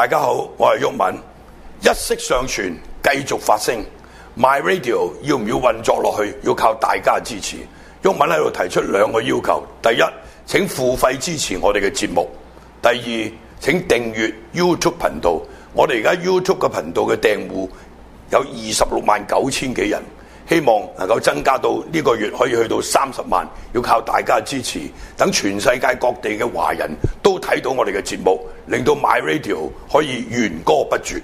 大家好，我係毓民，一息尚存，繼續發聲。My Radio 要唔要運作落去？要靠大家支持。毓民喺度提出兩個要求：第一，請付費支持我哋嘅節目；第二，請訂閱 YouTube 頻道。我哋而家 YouTube 嘅頻道嘅訂戶有二十六萬九千幾人。希望能夠增加到呢個月可以去到三十萬，要靠大家支持。等全世界各地嘅華人都睇到我哋嘅節目，令到 My Radio 可以弦歌不絕。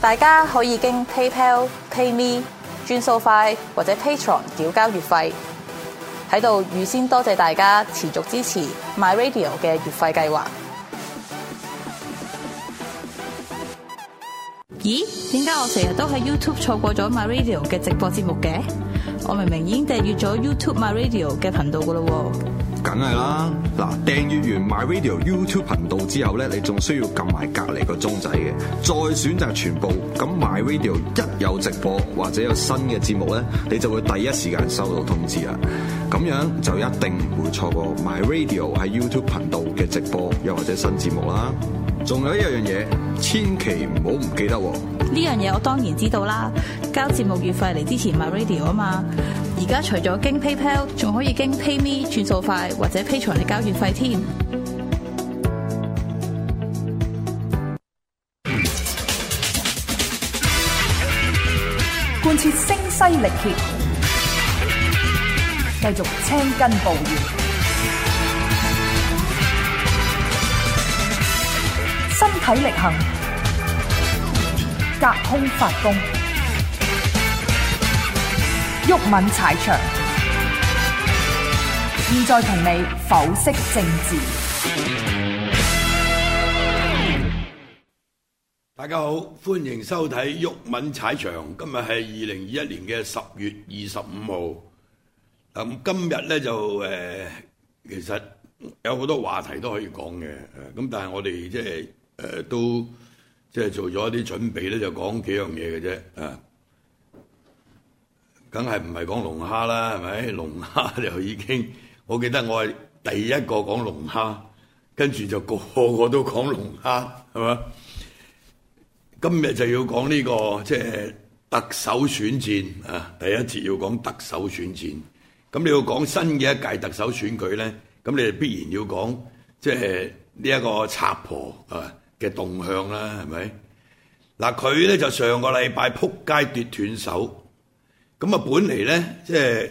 大家可以經 PayPal、PayMe 轉數快或者 Patreon 繳交月費，喺度預先多謝大家持續支持 My Radio 嘅月費計劃。咦？點解我成日都喺 YouTube 錯過咗 MyRadio 嘅直播節目嘅？我明明已經訂閲咗 YouTube MyRadio 嘅頻道㗎喇喎。梗係啦，嗱，訂閱完 My Radio YouTube 頻道之後咧，你仲需要撳埋隔籬個鐘仔嘅，再選擇全部，咁 My Radio 一有直播或者有新嘅節目咧，你就會第一時間收到通知啦。咁樣就一定唔會錯過 My Radio 喺 YouTube 頻道嘅直播又或者新節目啦。仲有一樣嘢，千祈唔好唔記得喎。呢樣嘢我當然知道啦，交節目月費嚟之前 My Radio 啊嘛。而家除咗經 PayPal，仲可以經 PayMe 轉數快，或者 Patreon 嚟交月費添。貫徹聲嘶力竭，繼續青筋暴現，身體力行，隔空發功。毓民踩場，現在同你剖析政治。大家好，歡迎收睇毓民踩場。今日係二零二一年嘅十月二十五號。咁、嗯、今日咧就誒、呃，其實有好多話題都可以講嘅。咁、嗯、但係我哋即係誒都即係做咗一啲準備咧，就講幾樣嘢嘅啫。啊、嗯！梗係唔係講龍蝦啦，係咪？龍蝦就已經，我記得我係第一個講龍蝦，跟住就個個都講龍蝦，係咪？今日就要講呢、這個即係、就是、特首選戰啊！第一節要講特首選戰，咁你要講新嘅一屆特首選舉呢，咁你就必然要講即係呢一個賊婆啊嘅動向啦，係咪？嗱、啊，佢呢就上個禮拜仆街跌斷手。咁啊，本嚟咧，即係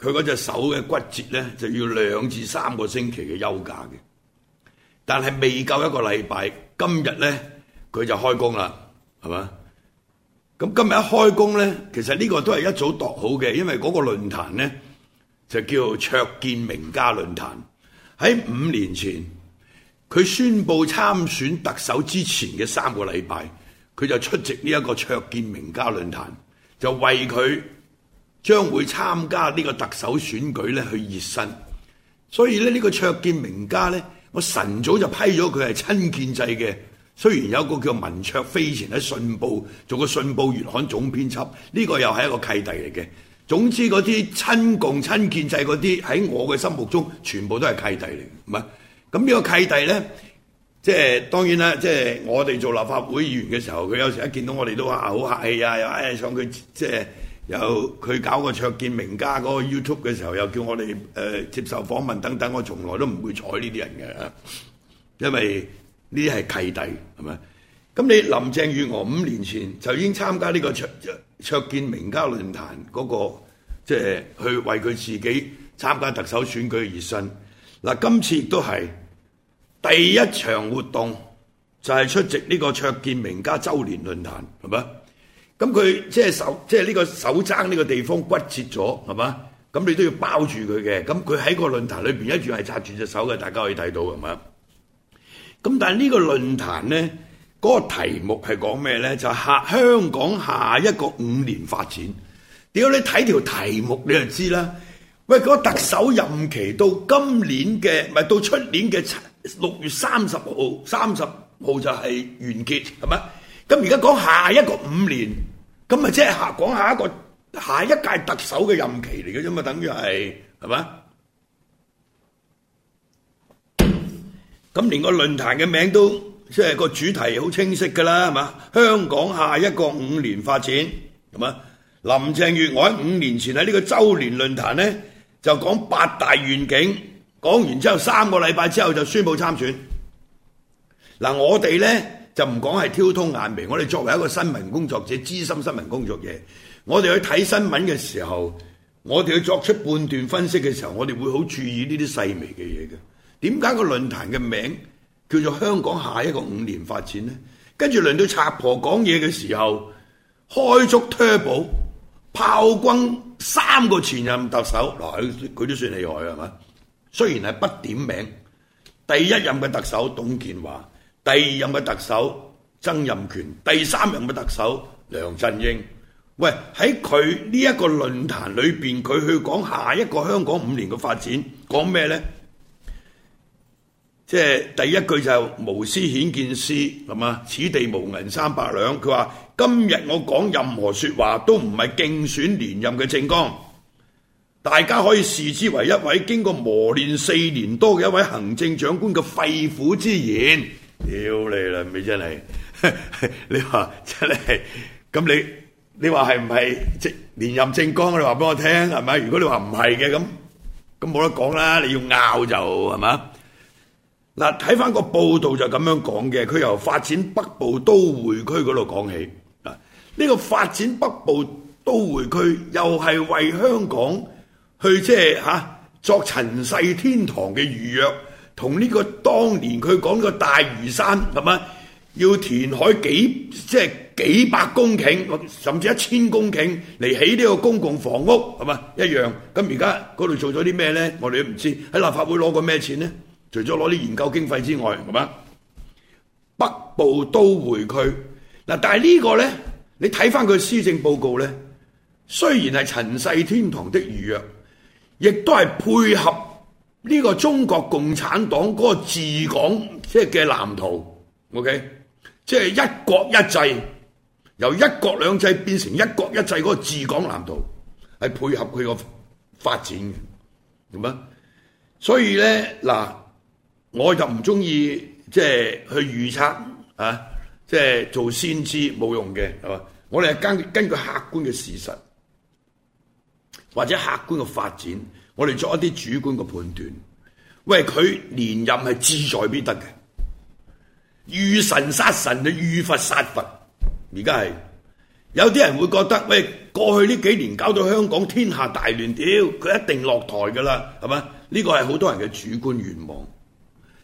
佢嗰隻手嘅骨折咧，就要兩至三個星期嘅休假嘅。但係未夠一個禮拜，今日咧佢就開工啦，係嘛？咁今日一開工咧，其實呢個都係一早度好嘅，因為嗰個論壇咧就叫卓建名家論壇。喺五年前，佢宣布參選特首之前嘅三個禮拜，佢就出席呢一個卓建名家論壇。就為佢將會參加呢個特首選舉咧去熱身，所以咧呢個灼見名家咧，我晨早就批咗佢係親建制嘅。雖然有一個叫文灼非前喺信報做個信報月刊總編輯，呢個又係一個契弟嚟嘅。總之嗰啲親共、親建制嗰啲喺我嘅心目中，全部都係契弟嚟嘅。係咁呢個契弟咧。即係當然啦，即係我哋做立法會議員嘅時候，佢有時一見到我哋都話好客氣啊，又誒、哎、上佢即係又佢搞個灼見名家嗰個 YouTube 嘅時候，又叫我哋誒、呃、接受訪問等等，我從來都唔會睬呢啲人嘅，因為呢啲係契弟係咪？咁你林鄭月娥五年前就已經參加呢個灼、灼見名家論壇嗰、那個，即係去為佢自己參加特首選舉而身嗱、啊，今次亦都係。第一場活動就係、是、出席呢個卓建明家周年論壇，係咪？咁佢即係手，即係呢個手踭呢個地方骨折咗，係咪？咁你都要包住佢嘅。咁佢喺個論壇裏邊一住係紮住隻手嘅，大家可以睇到係咪？咁但係呢個論壇呢，嗰、那個題目係講咩呢？就是、下香港下一個五年發展。屌你睇條題目你就知啦。喂，嗰、那個特首任期到今年嘅，咪到出年嘅？六月三十號，三十號就係完結，係咪？咁而家講下一個五年，咁啊即係下講下一個下一屆特首嘅任期嚟嘅啫嘛，等於係係嘛？咁連個論壇嘅名都即係個主題好清晰噶啦，係嘛？香港下一個五年發展，係嘛？林鄭月娥喺五年前喺呢個周年論壇咧，就講八大願景。講完之後三個禮拜之後就宣佈參選。嗱、啊，我哋呢就唔講係挑通眼眉，我哋作為一個新聞工作者，資深新聞工作者，我哋去睇新聞嘅時候，我哋去作出判斷分析嘅時候，我哋會好注意呢啲細微嘅嘢嘅。點解個論壇嘅名叫做香港下一個五年發展呢？跟住輪到賊婆講嘢嘅時候，開足 Turbo 炮轟三個前任特首，嗱，佢都算厲害啦，係嘛？雖然係不點名，第一任嘅特首董建華，第二任嘅特首曾蔭權，第三任嘅特首梁振英。喂，喺佢呢一個論壇裏邊，佢去講下一個香港五年嘅發展，講咩呢？即係第一句就無私顯見私，係嘛？此地無銀三百兩。佢話：今日我講任何説話都唔係競選連任嘅政綱。大家可以視之為一位經過磨練四年多嘅一位行政長官嘅肺腑之言。屌 你啦，咪真係？你話真係咁？你你話係唔係？即連任政綱，你話俾我聽係咪？如果你話唔係嘅咁，咁冇得講啦。你要拗就係嘛？嗱，睇翻個報道就咁樣講嘅，佢由發展北部都會區嗰度講起。嗱，呢個發展北部都會區又係為香港。去即係吓作塵世天堂嘅預約，同呢個當年佢講呢個大嶼山係嘛，要填海幾即係幾百公頃，甚至一千公頃嚟起呢個公共房屋係嘛，一樣。咁而家嗰度做咗啲咩咧？我哋都唔知喺立法會攞過咩錢咧？除咗攞啲研究經費之外，係嘛？北部都會區嗱，但係呢個咧，你睇翻佢施政報告咧，雖然係塵世天堂的預約。亦都係配合呢個中國共產黨嗰個治港即係嘅藍圖，OK，即係一國一制，由一國兩制變成一國一制嗰個治港藍圖，係配合佢個發展嘅，明嗎？所以咧嗱，我就唔中意即係去預測啊，即係做先知冇用嘅，係嘛？我哋係根據根據客觀嘅事實。或者客觀嘅發展，我哋作一啲主觀嘅判斷。喂，佢連任係志在必得嘅，遇神殺神，就遇佛殺佛。而家係有啲人會覺得，喂，過去呢幾年搞到香港天下大亂，屌佢一定落台㗎啦，係咪？呢個係好多人嘅主觀願望。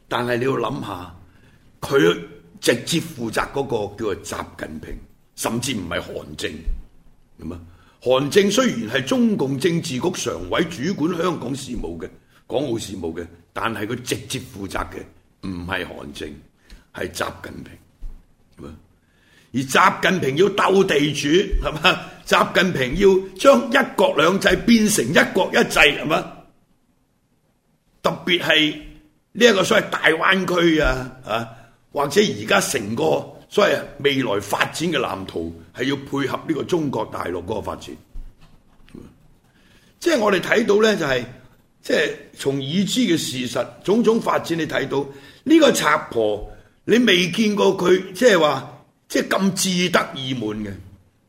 但係你要諗下，佢直接負責嗰個叫做習近平，甚至唔係韓正，係嘛？韓正雖然係中共政治局常委，主管香港事務嘅港澳事務嘅，但係佢直接負責嘅唔係韓正，係習近平。而習近平要鬥地主係嘛？習近平要將一國兩制變成一國一制係嘛？特別係呢一個所謂大灣區啊，啊，或者而家成個。所以，未來發展嘅藍圖係要配合呢個中國大陸嗰個發展，嗯、即係我哋睇到呢，就係即係從已知嘅事實，種種發展你睇到呢、這個賊婆，你未見過佢即係話即係咁自得意滿嘅，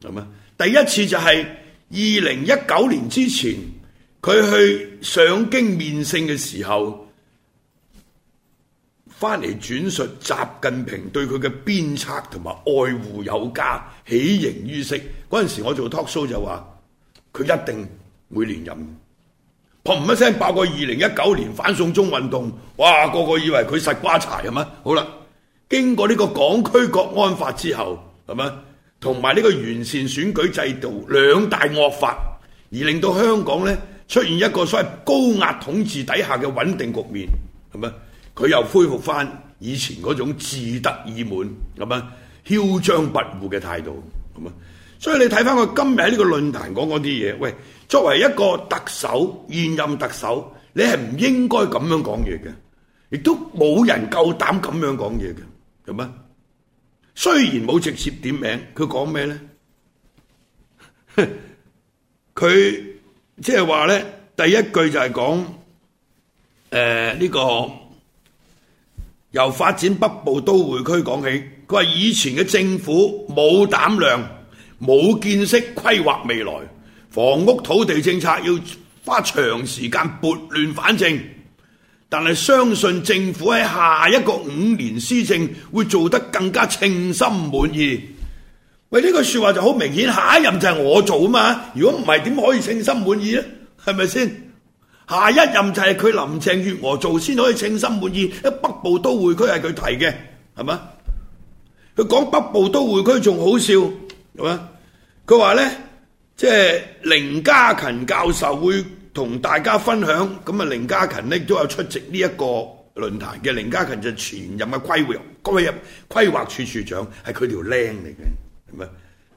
係嘛？第一次就係二零一九年之前，佢去上京面聖嘅時候。翻嚟轉述習近平對佢嘅鞭策同埋愛護有加，喜形於色。嗰陣時我做 talk show 就話佢一定會連任。砰一聲爆過二零一九年反送中運動，哇！個個以為佢實瓜柴係嗎？好啦，經過呢個港區國安法之後係嗎？同埋呢個完善選舉制度兩大惡法，而令到香港呢出現一個所謂高壓統治底下嘅穩定局面係嗎？佢又恢復翻以前嗰種自得意滿咁啊，囂張跋扈嘅態度，咁啊。所以你睇翻佢今日喺呢個論壇講嗰啲嘢，喂，作為一個特首現任特首，你係唔應該咁樣講嘢嘅，亦都冇人夠膽咁樣講嘢嘅，係咪？雖然冇直接點名，佢講咩咧？佢即係話咧，第一句就係講誒呢個。由發展北部都會區講起，佢話以前嘅政府冇膽量、冇見識規劃未來，房屋土地政策，要花長時間撥亂反正。但係相信政府喺下一個五年施政會做得更加稱心滿意。喂，呢句說話就好明顯，下一任就係我做啊嘛！如果唔係，點可以稱心滿意咧？係咪先？下一任就係佢林鄭月娥做先可以稱心滿意。北部都會區係佢提嘅，係嘛？佢講北部都會區仲好笑，係嘛？佢話咧，即係凌家勤教授會同大家分享，咁啊凌家勤咧都有出席呢一個論壇嘅。凌家勤就前任嘅規劃，今規劃處處長係佢條僆嚟嘅，係咪？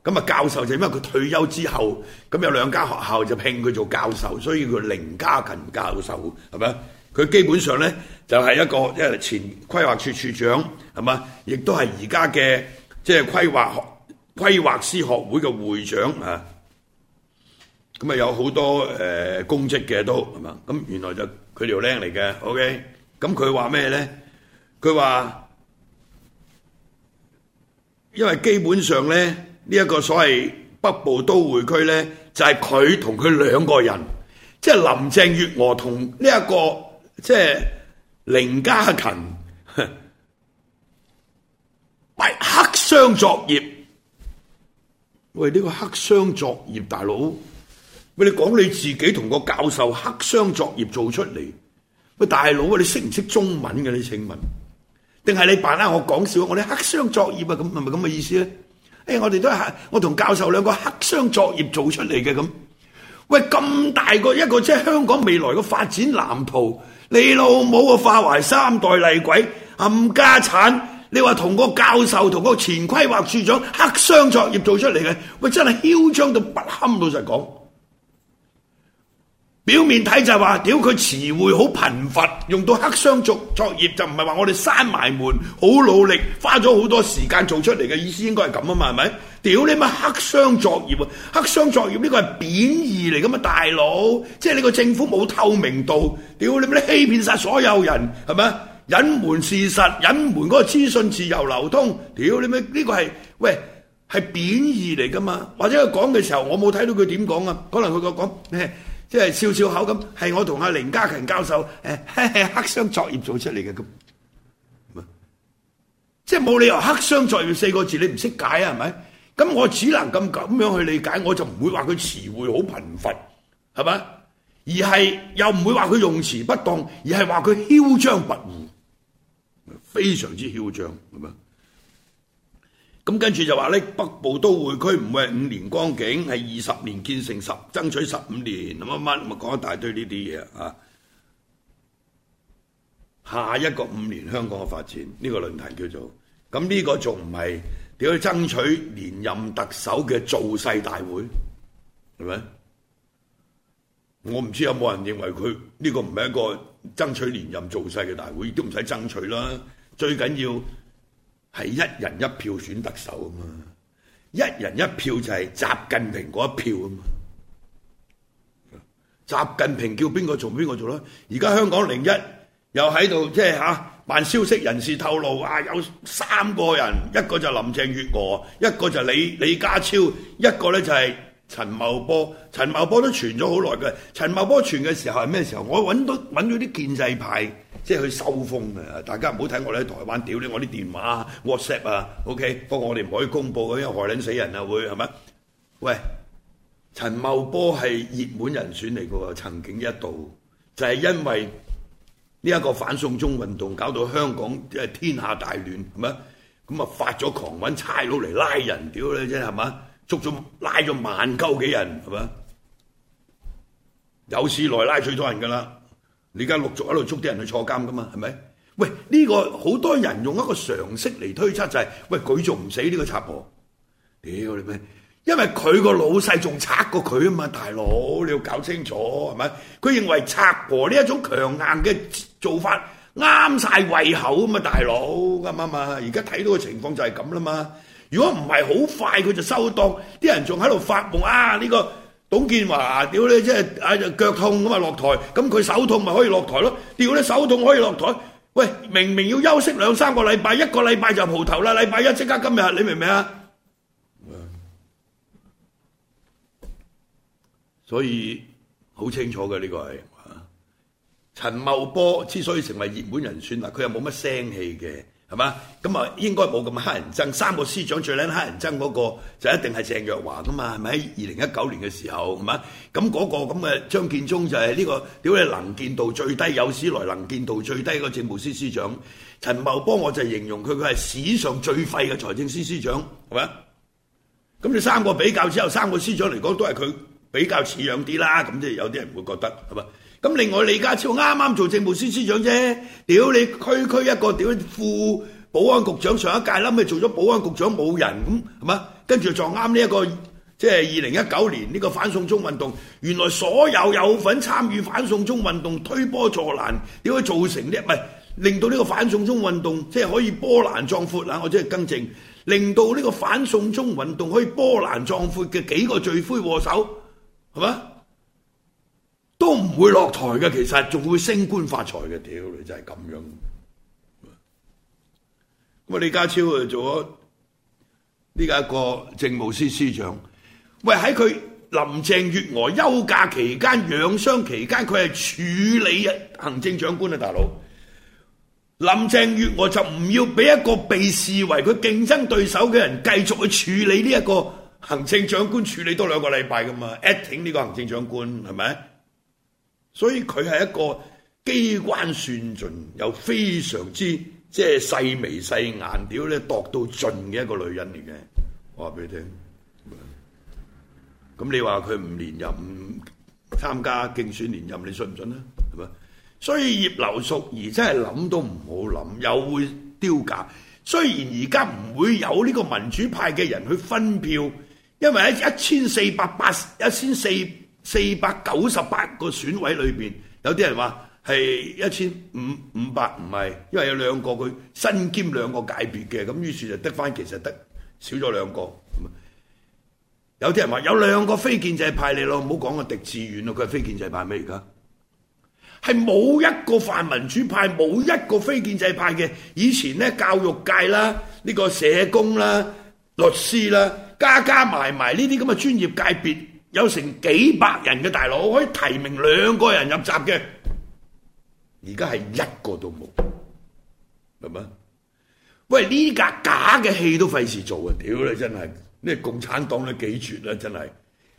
咁啊，教授就因為佢退休之後，咁有兩間學校就聘佢做教授，所以佢凌嘉勤教授，係咪？佢基本上咧就係、是、一個，因為前規劃處處長係嘛，亦都係而家嘅即係規劃學規劃師學會嘅會長啊。咁啊，有好多誒、呃、公職嘅都係嘛。咁原來就佢條僆嚟嘅，OK。咁佢話咩咧？佢話因為基本上咧。呢一個所謂北部都會區呢，就係佢同佢兩個人，即林鄭月娥同呢一個即係林家勤，咪黑箱作業。喂，呢個黑箱作業，大佬，喂你講你自己同個教授黑箱作業做出嚟。喂，大佬啊，你識唔識中文嘅？你請問，定係你扮下我講笑？我啲黑箱作業啊，咁係咪咁嘅意思咧？誒，hey，我哋都係我同教授兩個黑箱作業做出嚟嘅咁。喂，咁大個一個即係香港未來嘅發展藍圖，你老母個化為三代厲鬼冚家鏟，你話同個教授同個前規劃處長黑箱作業做出嚟嘅，喂，真係囂張到不堪，老實講。表面睇就係話屌佢詞彙好貧乏，用到黑箱作作業就唔係話我哋閂埋門，好努力花咗好多時間做出嚟嘅意思應該，應該係咁啊嘛，係咪？屌你乜黑箱作業啊？黑箱作業呢個係貶義嚟噶嘛，大佬，即係你個政府冇透明度，屌你乜欺騙晒所有人，係咪？隱瞞事實，隱瞞嗰個資訊自由流通，屌你乜呢個係喂係貶義嚟噶嘛？或者佢講嘅時候，我冇睇到佢點講啊？可能佢就講。即係笑笑口咁，係我同阿凌嘉勤教授誒， 黑箱作業做出嚟嘅咁，即係冇理由黑箱作業四個字你唔識解啊？係咪？咁我只能咁咁樣去理解，我就唔會話佢詞彙好貧乏，係咪？而係又唔會話佢用詞不當，而係話佢囂張跋扈，非常之囂張，係咪？咁跟住就話呢，北部都會區唔會係五年光景，係二十年建成十，爭取十五年咁乜乜，咪講一,一大堆呢啲嘢啊！下一個五年香港嘅發展呢個論壇叫做，咁呢個仲唔係點去爭取連任特首嘅造勢大會，係咪？我唔知有冇人認為佢呢個唔係一個爭取連任造勢嘅大會，亦都唔使爭取啦，最緊要。係一人一票選特首啊嘛，一人一票就係習近平嗰一票啊嘛，習近平叫邊個做邊個做咯？而家香港零一又喺度即係嚇，但、就是啊、消息人士透露話、啊、有三個人，一個就林鄭月娥，一個就李李家超，一個咧就係陳茂波。陳茂波都傳咗好耐嘅，陳茂波傳嘅時候係咩時候？我揾到揾咗啲建制派。即係佢收風啊！大家唔好睇我哋喺台灣屌你我啲電話、WhatsApp 啊，OK。不過我哋唔可以公佈，因為害撚死人啊，會係咪？喂，陳茂波係熱門人選嚟嘅喎，曾經一度就係、是，因為呢一個反送中運動搞到香港即係天下大亂係咪？咁啊發咗狂揾差佬嚟拉人屌你啫係咪？捉咗拉咗萬鳩幾人係咪？有史來拉最多人㗎啦！你而家陸續喺度捉啲人去坐監㗎嘛，係咪？喂，呢、這個好多人用一個常識嚟推測就係、是，喂，佢做唔死呢、這個賊婆，屌、欸、你咩？因為佢個老細仲賊過佢啊嘛，大佬你要搞清楚係咪？佢認為賊婆呢一種強硬嘅做法啱晒胃口啊嘛，大佬啱啱啊？而家睇到嘅情況就係咁啦嘛。如果唔係好快佢就收檔，啲人仲喺度發夢啊呢、這個。董建華屌你，即係啊，就腳痛咁啊落台，咁佢手痛咪可以落台咯？屌你手痛可以落台？喂，明明要休息兩三個禮拜，一個禮拜就蒲頭啦，禮拜一即刻今日，你明唔明啊？所以好清楚嘅呢個係陳茂波之所以成為熱門人選嗱，佢又冇乜聲氣嘅。係嘛？咁啊，應該冇咁黑人憎。三個司長最撚黑人憎嗰、那個就一定係鄭若驊噶嘛？係咪喺二零一九年嘅時候？係嘛？咁嗰、那個咁嘅張建宗就係呢、這個屌你能見度最低、有史來能見度最低個政務司司長。陳茂波我就形容佢，佢係史上最廢嘅財政司司長。係咪啊？咁你三個比較之後，三個司長嚟講都係佢比較似樣啲啦。咁即係有啲人會覺得係咪？咁另外李家超啱啱做政務司司長啫，屌你區區一個屌副保安局長上一屆，諗住做咗保安局長冇人咁，係嘛？跟住撞啱呢一個，即係二零一九年呢個反送中運動，原來所有有份參與反送中運動推波助瀾，點會造成呢？唔係令到呢個反送中運動即係可以波瀾壯闊啊！我即係更正，令到呢個反送中運動可以波瀾壯闊嘅幾個罪魁禍首，係嘛？都唔會落台嘅，其實仲會升官發財嘅，屌你真係咁樣。咁啊，李家超啊做咗呢個一個政務司司長。喂，喺佢林鄭月娥休假期間、養傷期間，佢係處理行政長官啊，大佬。林鄭月娥就唔要俾一個被視為佢競爭對手嘅人繼續去處理呢一個行政長官，處理多兩個禮拜噶嘛？acting 呢個行政長官係咪？所以佢係一個機關算盡又非常之即係細眉細眼屌咧，度到盡嘅一個女人嚟嘅，話俾你聽。咁你話佢唔連任，參加競選連任，你信唔信啊？係咪？所以葉劉淑儀真係諗都唔好諗，又會丟架。雖然而家唔會有呢個民主派嘅人去分票，因為一一千四百八一千四。四百九十八個選委裏邊，有啲人話係一千五五百，唔係，因為有兩個佢身兼兩個界別嘅，咁於是就得返，其實得少咗兩個。有啲人話有兩個非建制派嚟咯，唔好講個狄志遠咯，佢係非建制派咩而家？係冇一個泛民主派，冇一個非建制派嘅。以前咧，教育界啦，呢個社工啦、律師啦，加加埋埋呢啲咁嘅專業界別。有成幾百人嘅大佬可以提名兩個人入閘嘅，而家係一個都冇，係咪？喂，呢架假嘅戲都費事做啊！屌你真係，呢共產黨都幾絕啦！真係，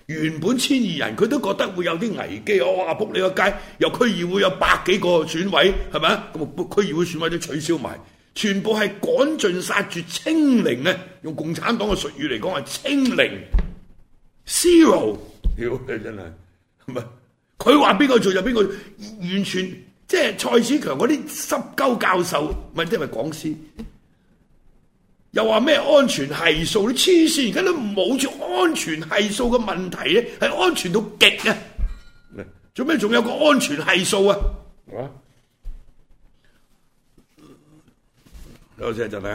原本千二人佢都覺得會有啲危機，我話仆你個街，由區議會有百幾個選委，係咪咁啊？區議會選委都取消埋，全部係趕盡殺絕清零咧。用共產黨嘅術語嚟講，係清零。zero，屌你真係是，唔係佢話邊個做就邊個做，完全即係蔡子強嗰啲濕鳩教授，問即係講師，又話咩安全係數，你黐線，而家都冇咗安全係數嘅問題咧，係安全到極啊，做咩仲有個安全係數啊？好、啊，請就你。